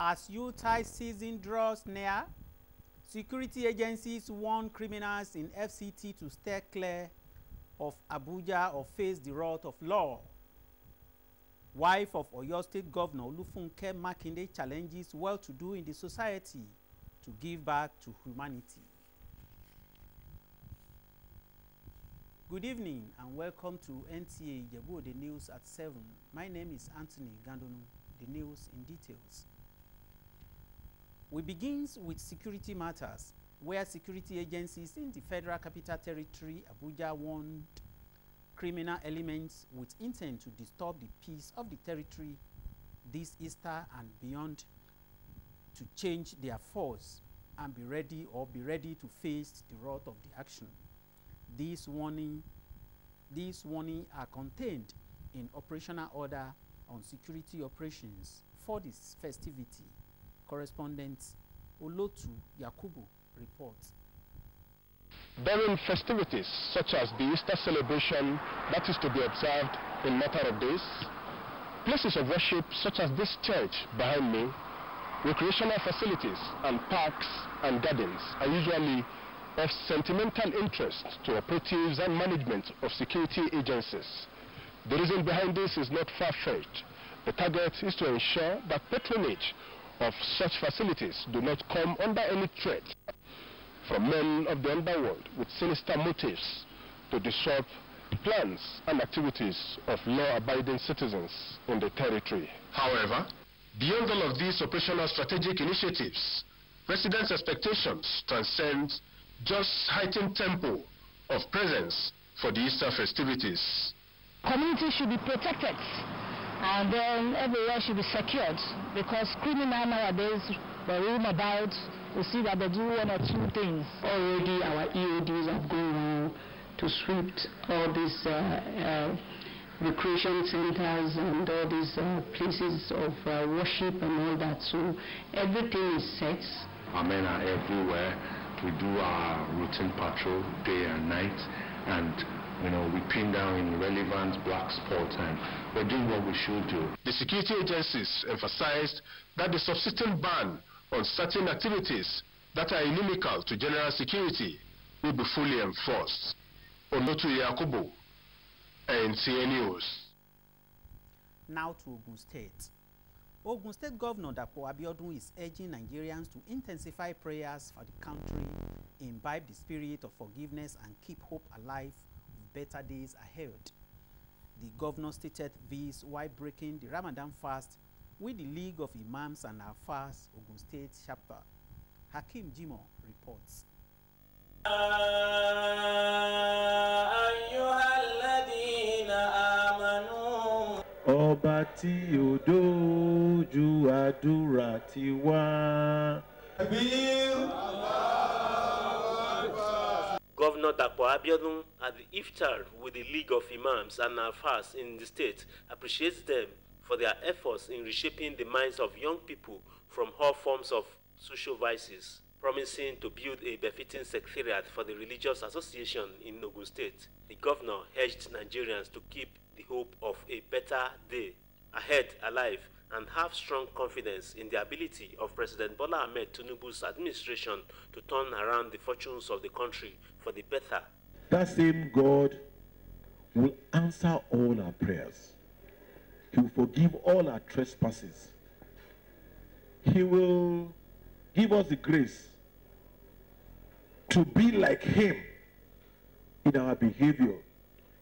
As Utah season draws near, security agencies warn criminals in FCT to stay clear of Abuja or face the wrath of law. Wife of Oyo State Governor Lufunke Makinde challenges well-to-do in the society to give back to humanity. Good evening and welcome to NTA Ijebu The News at 7. My name is Anthony Gandonu. The news in details. We begin with security matters, where security agencies in the Federal Capital Territory, Abuja, warned criminal elements with intent to disturb the peace of the territory this Easter and beyond to change their force and be ready or be ready to face the wrath of the action. These warning, these warning are contained in operational order on security operations for this festivity. Correspondent Olotu Yakubu reports. During festivities such as the Easter celebration that is to be observed in matter of days, places of worship such as this church behind me, recreational facilities and parks and gardens are usually of sentimental interest to operatives and management of security agencies. The reason behind this is not far-fetched. The target is to ensure that patronage of such facilities do not come under any threat from men of the underworld with sinister motives to disrupt plans and activities of law-abiding citizens in the territory. However, beyond all of these operational strategic initiatives, residents' expectations transcend just heightened tempo of presence for the Easter festivities. Communities should be protected and then everywhere should be secured because criminal nowadays, the room about, We see that they do one or two things. Already our EODs have gone to sweep all these uh, uh, recreation centers and all these uh, places of uh, worship and all that. So everything is set. Our men are everywhere. We do our routine patrol day and night and you know, we pin down in relevant black spot and we're doing what we should do. The security agencies emphasized that the subsistent ban on certain activities that are inimical to general security will be fully enforced. Onotu Yakubu, NTA News. Now to Ogun State. Ogun State Governor Dapo Abiodun is urging Nigerians to intensify prayers for the country, imbibe the spirit of forgiveness and keep hope alive better days ahead. The governor stated this while breaking the Ramadan fast with the League of Imams and Our Afars Ogun State chapter. Hakim Jimo reports. Ọba tí ò dójú àdúrà ti wá. Àbí Governor Dapo Abiodun at the iftar with the League of Imams and Afars in the state appreciates them for their efforts in reshaping the minds of young people from all forms of social vices, promising to build a befitting secretariat for the religious association in Nogu State. The governor urged Nigerians to keep the hope of a better day ahead alive and have strong confidence in the ability of President Bola Ahmed Tinubu's administration to turn around the fortunes of the country for the better. That same God will answer all our prayers. He will forgive all our trespasses. He will give us the grace to be like him in our behavior,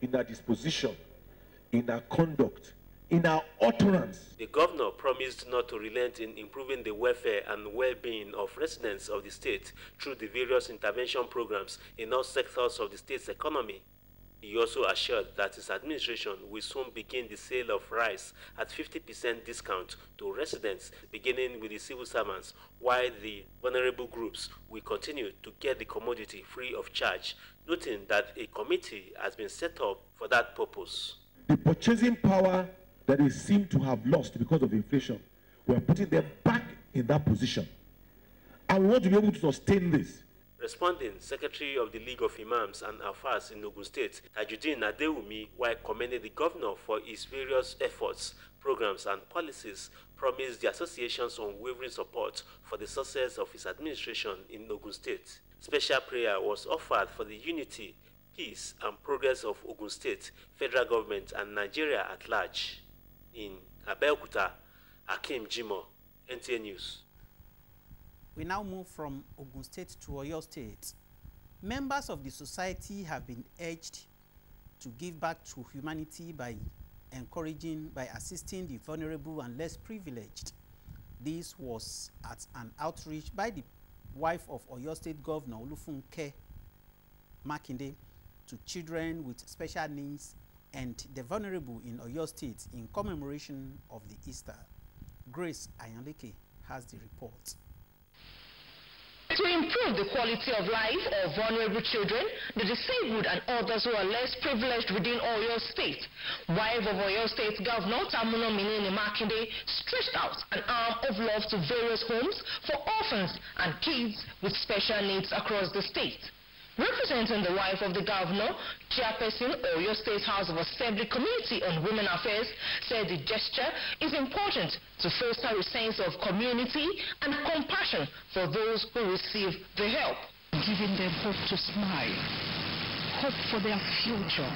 in our disposition, in our conduct, in our utterance. The governor promised not to relent in improving the welfare and well-being of residents of the state through the various intervention programs in all sectors of the state's economy. He also assured that his administration will soon begin the sale of rice at 50% discount to residents, beginning with the civil servants, while the vulnerable groups will continue to get the commodity free of charge, noting that a committee has been set up for that purpose. The purchasing power that they seem to have lost because of inflation. We are putting them back in that position. And we want to be able to sustain this. Responding, Secretary of the League of Imams and Afars in Ogun State, Tajuddin Adewumi, while commended the governor for his various efforts, programs and policies, promised the association's unwavering support for the success of his administration in Ogun State. Special prayer was offered for the unity, peace and progress of Ogun State, federal government and Nigeria at large in Abeokuta, Akim Jimo, NTA News. We now move from Ogun State to Oyo State. Members of the society have been urged to give back to humanity by encouraging, by assisting the vulnerable and less privileged. This was at an outreach by the wife of Oyo State Governor Olufunke Makinde to children with special needs and the vulnerable in Oyo State in commemoration of the Easter. Grace Ayanleke has the report. To improve the quality of life of vulnerable children, the disabled and others who are less privileged within Oyo State, wife of Oyo State Governor Tamuno Minini Makinde stretched out an arm of love to various homes for orphans and kids with special needs across the state. Representing the wife of the governor, chairperson Oyo State House of Assembly Committee on Women Affairs said the gesture is important to foster a sense of community and compassion for those who receive the help. Giving them hope to smile, hope for their future.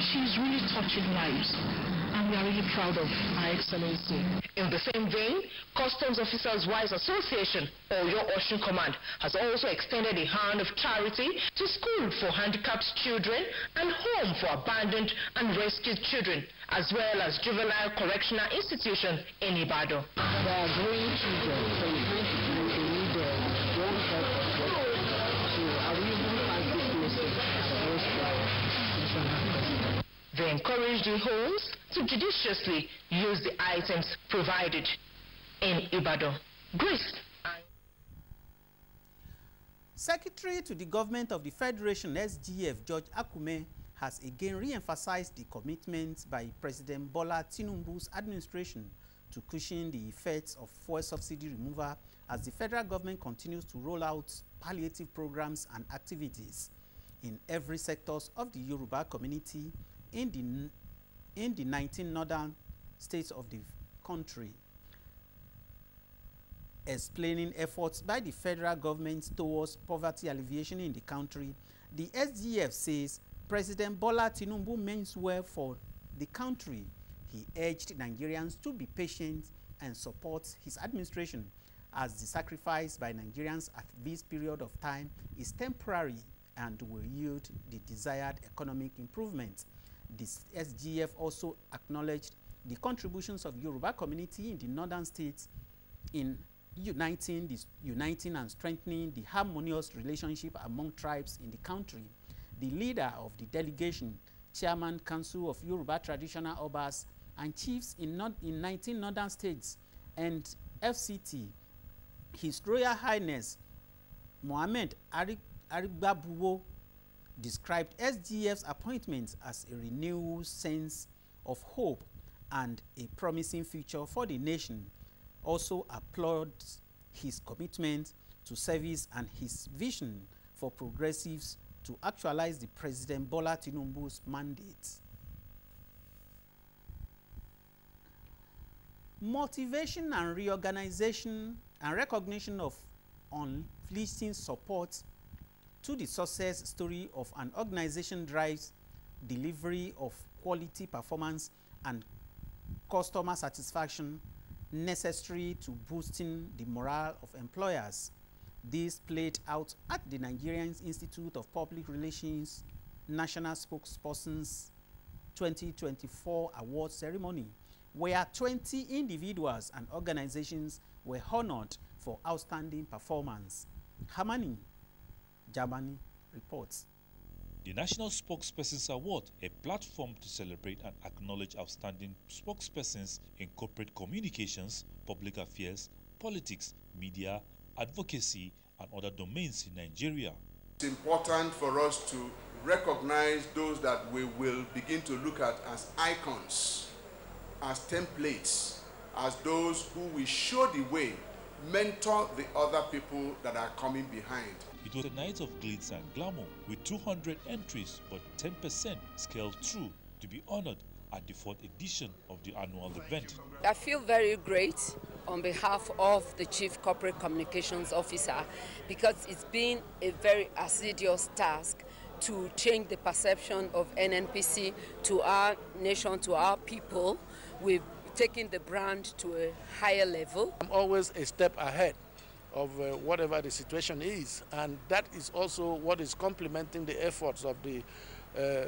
She is really touching lives we are really proud of, our Excellency. In the same vein, Customs Officers Wives Association, or your Ocean Command, has also extended a hand of charity to school for handicapped children and home for abandoned and rescued children, as well as juvenile correctional institution in Ibado. There are growing children, They encourage the homes to judiciously use the items provided in Ibadan. Greece. Secretary to the Government of the Federation, SGF, George Akume, has again re-emphasized the commitment by President Bola Tinubu's administration to cushion the effects of fuel subsidy removal as the federal government continues to roll out palliative programs and activities in every sectors of the Yoruba community in the in the 19 northern states of the country explaining efforts by the federal government towards poverty alleviation in the country, the SDF says President Bola Tinubu means well for the country. He urged Nigerians to be patient and support his administration as the sacrifice by Nigerians at this period of time is temporary and will yield the desired economic improvement the SGF also acknowledged the contributions of Yoruba community in the northern states in uniting, this, uniting and strengthening the harmonious relationship among tribes in the country. The leader of the delegation, Chairman Council of Yoruba Traditional Obas and Chiefs in, not, in 19 northern states and FCT, His Royal Highness Mohammed Arigbabuwo described SGF's appointment as a renewed sense of hope and a promising future for the nation, also applauds his commitment to service and his vision for progressives to actualize the President Bola Tinubu's mandate. Motivation and reorganization and recognition of unfleeting support to the success story of an organization drives delivery of quality performance and customer satisfaction necessary to boosting the morale of employers. This played out at the Nigerian Institute of Public Relations National Spokespersons 2024 award ceremony, where 20 individuals and organizations were honored for outstanding performance. Hamani Germany reports. The National Spokespersons Award, a platform to celebrate and acknowledge outstanding spokespersons in corporate communications, public affairs, politics, media, advocacy, and other domains in Nigeria. It's important for us to recognize those that we will begin to look at as icons, as templates, as those who will show the way mentor the other people that are coming behind. It was a night of glitz and glamour with 200 entries, but 10% scaled through to be honored at the fourth edition of the annual event. I feel very great on behalf of the Chief Corporate Communications Officer because it's been a very assiduous task to change the perception of NNPC to our nation, to our people. We've taking the brand to a higher level. I'm always a step ahead of uh, whatever the situation is, and that is also what is complementing the efforts of the uh,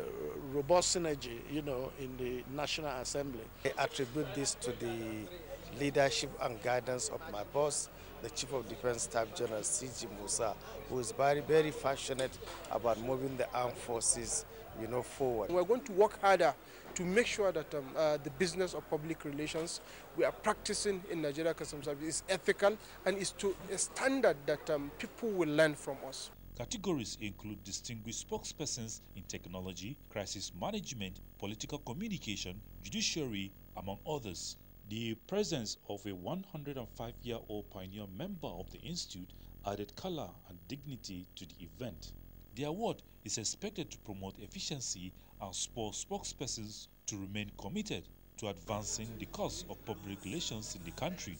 robust synergy, you know, in the National Assembly. I attribute this to the leadership and guidance of my boss, the Chief of Defense Staff General C.G. Musa, who is very, very passionate about moving the armed forces, you know, forward. We're going to work harder to make sure that um, uh, the business of public relations we are practicing in Nigeria Customs Service is ethical and is to a standard that um, people will learn from us. Categories include distinguished spokespersons in technology, crisis management, political communication, judiciary, among others. The presence of a 105-year-old pioneer member of the institute added color and dignity to the event. The award is expected to promote efficiency and spur spokespersons to remain committed to advancing the cause of public relations in the country.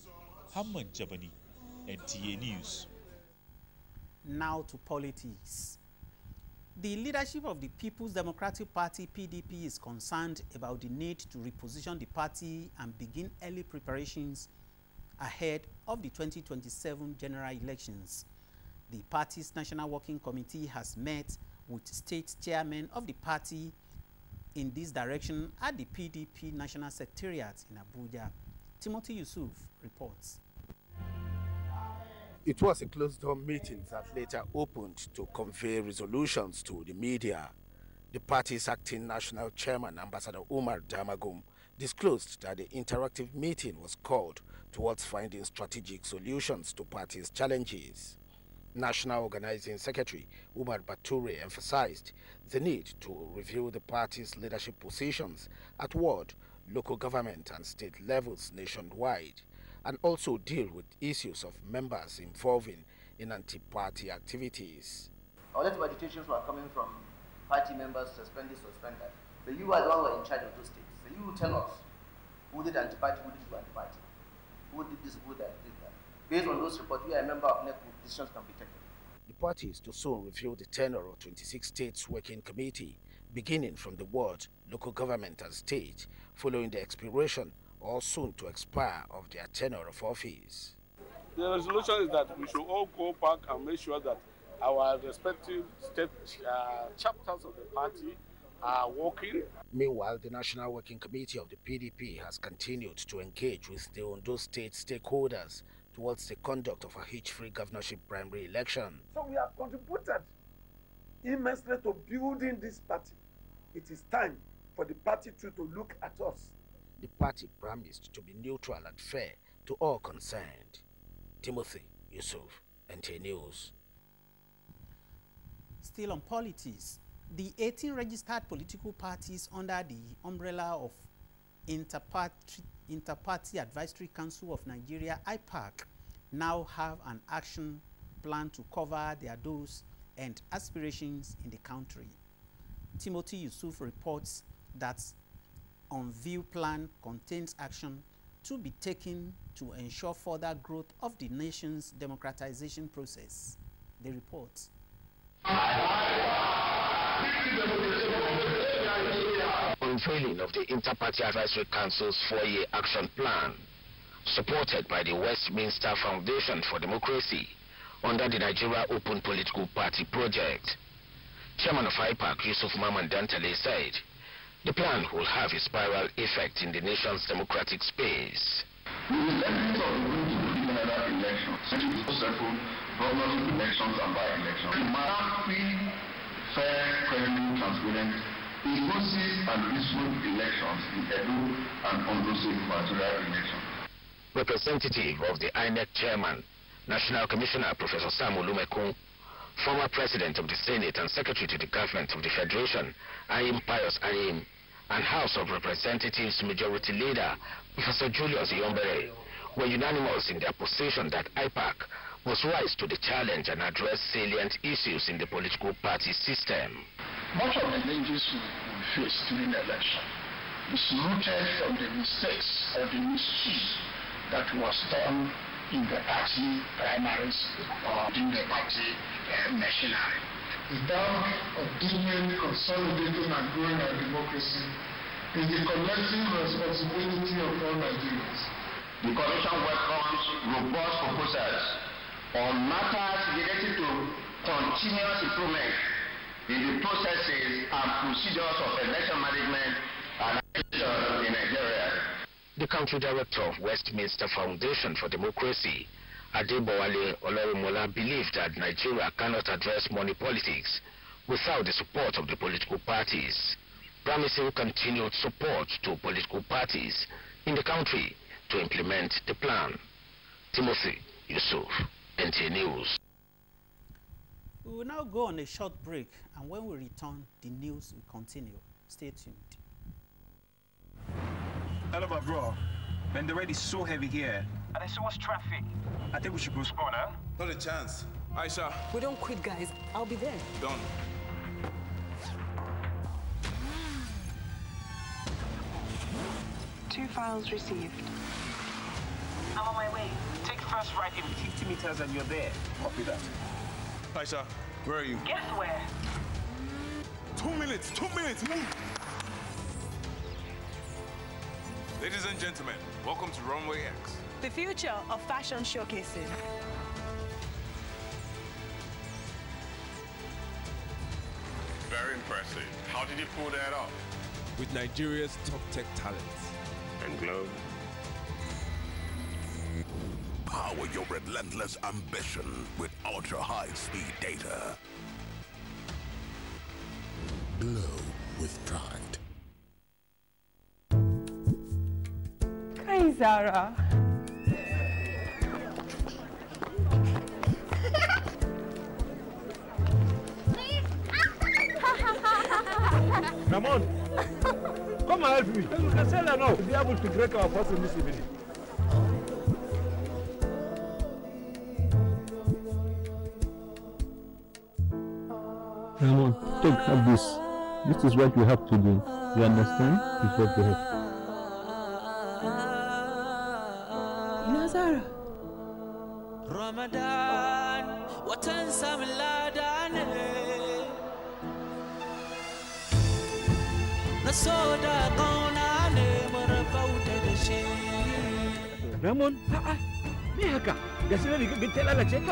Hamman Jabani, NTA News. Now to politics. The leadership of the People's Democratic Party, PDP, is concerned about the need to reposition the party and begin early preparations ahead of the 2027 general elections. The party's National Working Committee has met with state chairmen of the party in this direction at the PDP National Secretariat in Abuja. Timothy Yusuf reports. It was a closed-door meeting that later opened to convey resolutions to the media. The party's acting national chairman, Ambassador Umar Damagum, disclosed that the interactive meeting was called towards finding strategic solutions to party's challenges. National Organizing Secretary Umar Batouri emphasized the need to review the party's leadership positions at ward, local government and state levels nationwide, and also deal with issues of members involving in anti-party activities. All these meditations were coming from party members suspended, suspended. But you are the one who are in charge of those things. So you will tell us who did anti-party, who did anti-party, who did this, who did that. Based on those reports, we are a member of NECO, decisions can be taken. The parties to soon review the tenor of 26 states working committee, beginning from the word local government and state, following the expiration or soon to expire of their tenor of office. The resolution is that we should all go back and make sure that our respective state uh, chapters of the party are working. Meanwhile, the National Working Committee of the PDP has continued to engage with the Ondo state stakeholders towards the conduct of a hitch-free governorship primary election. So we have contributed immensely to building this party. It is time for the party too to look at us. The party promised to be neutral and fair to all concerned. Timothy Yusuf, NT News. Still on politics, the 18 registered political parties under the umbrella of Interparty Inter-Party Advisory Council of Nigeria, IPAC, now have an action plan to cover their goals and aspirations in the country. Timothy Yusuf reports that on-view plan contains action to be taken to ensure further growth of the nation's democratization process. The report unveiling of the Interparty Advisory Council's four-year action plan, supported by the Westminster Foundation for Democracy under the Nigeria Open Political Party project. Chairman of IPAC, Yusuf Maman Dantale, said the plan will have a spiral effect in the nation's democratic space. elections and by-elections. fair, credible, transparent inclusive and peaceful elections in Edo and Ondo material elections. Representative of the INEC chairman, National Commissioner Professor Samu Lumekun, former president of the Senate and secretary to the government of the Federation, Ayim Pius Ayim, and House of Representatives Majority Leader Professor Julius Yombere were unanimous in their position that IPAC must rise to the challenge and address salient issues in the political party system. Much of the dangers we face during election is rooted from the mistakes or the mischief that was done in the party primaries or in the party uh, machinery. of obtaining, consolidating and growing our democracy is the collective responsibility of all Nigerians. The Commission welcomes robust proposals on matters related to continuous improvement in the processes and procedures of election management and election in Nigeria. The country director of Westminster Foundation for Democracy, Adebowale Olarumola, believed that Nigeria cannot address money politics without the support of the political parties, promising continued support to political parties in the country to implement the plan. Timothy Yusuf. News. We will now go on a short break, and when we return, the news will continue. Stay tuned. Hello, my bro. Man, the rain is so heavy here. And there's so much traffic. I think we should postpone, huh? Not a chance. Aisha. We don't quit, guys. I'll be there. Done. Two files received. I'm on my way press right in 50 meters and you're there. Copy that. Hi, sir. Where are you? Guess where? Two minutes, two minutes, move! Ladies and gentlemen, welcome to Runway X. The future of fashion showcasing. Very impressive. How did you pull that off? With Nigeria's top tech talents And globe Power your relentless ambition with ultra-high speed data. Glow with pride. Hi, Zara. Come on. Come and help me. We can sell her now to be able to break our fast in this evening. Come on, take up this. This is what you have to do. You understand? This is what you have.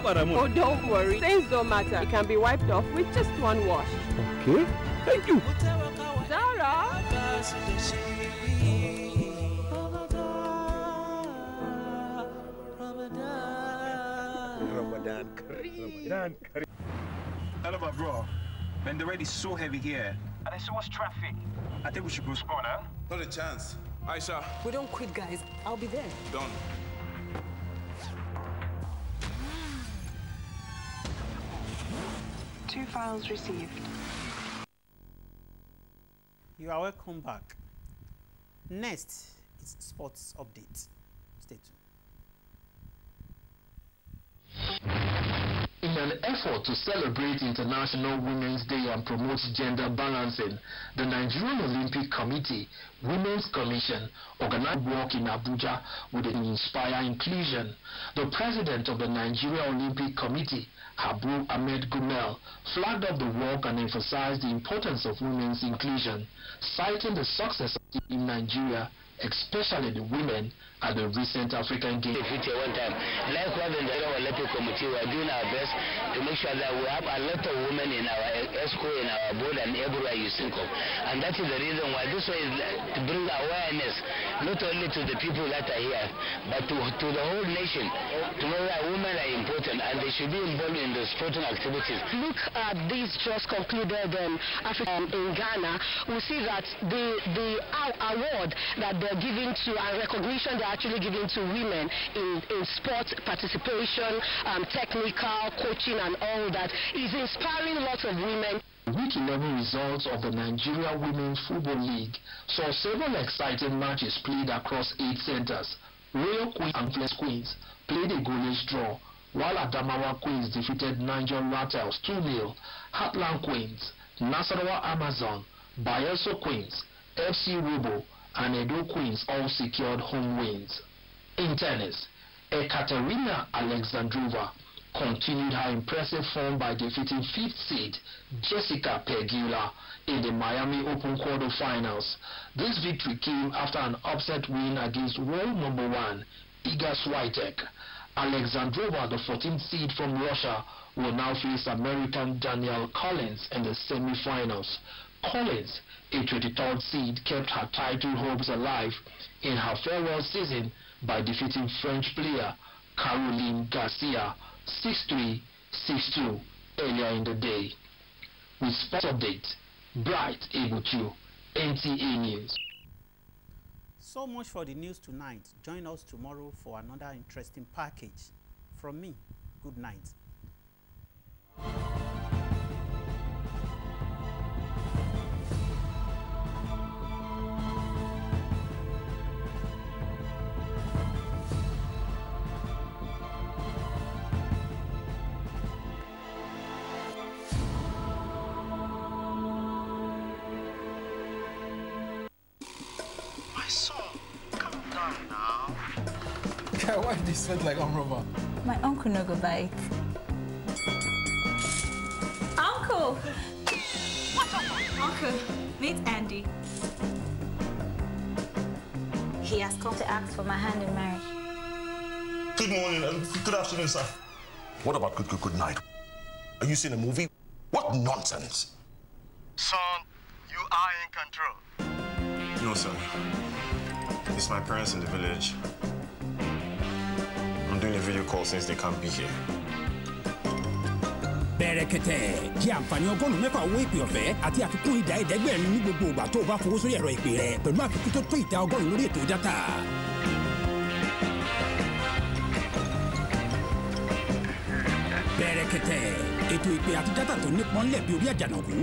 about Ramon? Oh, don't worry. Stains don't matter. It can be wiped off with just one wash. Okay. Thank you. Zara! Ramadan Kareem. Ramadan Kareem. Hello, bro. Man, the rain is so heavy here. And there's so much traffic. I think we should postpone, huh? Not a chance. Aisha. We don't quit, guys. I'll be there. Done. Two files received. You are welcome back. Next is sports update. Stay tuned. In an effort to celebrate International Women's Day and promote gender balancing, the Nigerian Olympic Committee Women's Commission organized work in Abuja with an inspire inclusion. The president of the Nigeria Olympic Committee, Abu Ahmed Gumel, flagged up the work and emphasized the importance of women's inclusion, citing the success in Nigeria, especially the women at the recent African Games. one time. Likewise, in the Olympic Committee, we are doing our best to make sure that we have a lot of women in our ESCO, in our board, and everywhere you think of. And that is the reason why this way is to bring awareness, not only to the people that are here, but to, to the whole nation, to know that women are important and they should be involved in the sporting activities. Look at this just concluded um, African in Ghana. We see that the, the award that they're giving to and recognition are actually giving to women in, in sport participation, um, technical, coaching and all that is inspiring lots of women. Week 11 results of the Nigeria Women's Football League saw several exciting matches played across eight centers. Royal Queens and Flex Queens played a goalless draw, while Adamawa Queens defeated Niger Rattles 2-0, Heartland Queens, Nasarawa Amazon, Bayelso Queens, FC Rubo and Edo Queens all secured home wins. In tennis, Ekaterina Alexandrova continued her impressive form by defeating fifth seed Jessica Pegula in the Miami Open quarterfinals. This victory came after an upset win against world number one Iga Swiatek. Alexandrova, the 14th seed from Russia, will now face American Danielle Collins in the semifinals. Collins, a 23rd seed, kept her title hopes alive in her farewell season by defeating French player Caroline Garcia 6-3, 6-2 earlier in the day. With sports update, Bright Ebuchu, NTA News. So much for the news tonight. Join us tomorrow for another interesting package. From me, good night. said like on My uncle no go bike. Uncle! uncle, meet Andy. He has come to ask for my hand in marriage. Good morning and um, good afternoon, sir. What about good, good, good night? Are you seeing a movie? What nonsense! Son, you are in control. No, sir. It's my parents in the village. video call since they can't be here. bẹ̀rẹ̀kẹ̀tẹ̀ jẹ́ àǹfààní ọgọ́rùn-ún mẹ́fà owó ìpè ọ̀fẹ́ àti àfikún ìdá ẹ̀ẹ́dẹ́gbẹ̀rin ní gbogbo ìgbà tó o bá fowó sórí ẹ̀rọ ìpè rẹ pẹ̀lú àfikún tó tó ìdá ọgọ́rùn-ún lórí ètò dátà. bẹ̀rẹ̀kẹ̀tẹ̀ ètò ìpè àti dátà tó nípọn lẹ̀ bí orí àjànàkú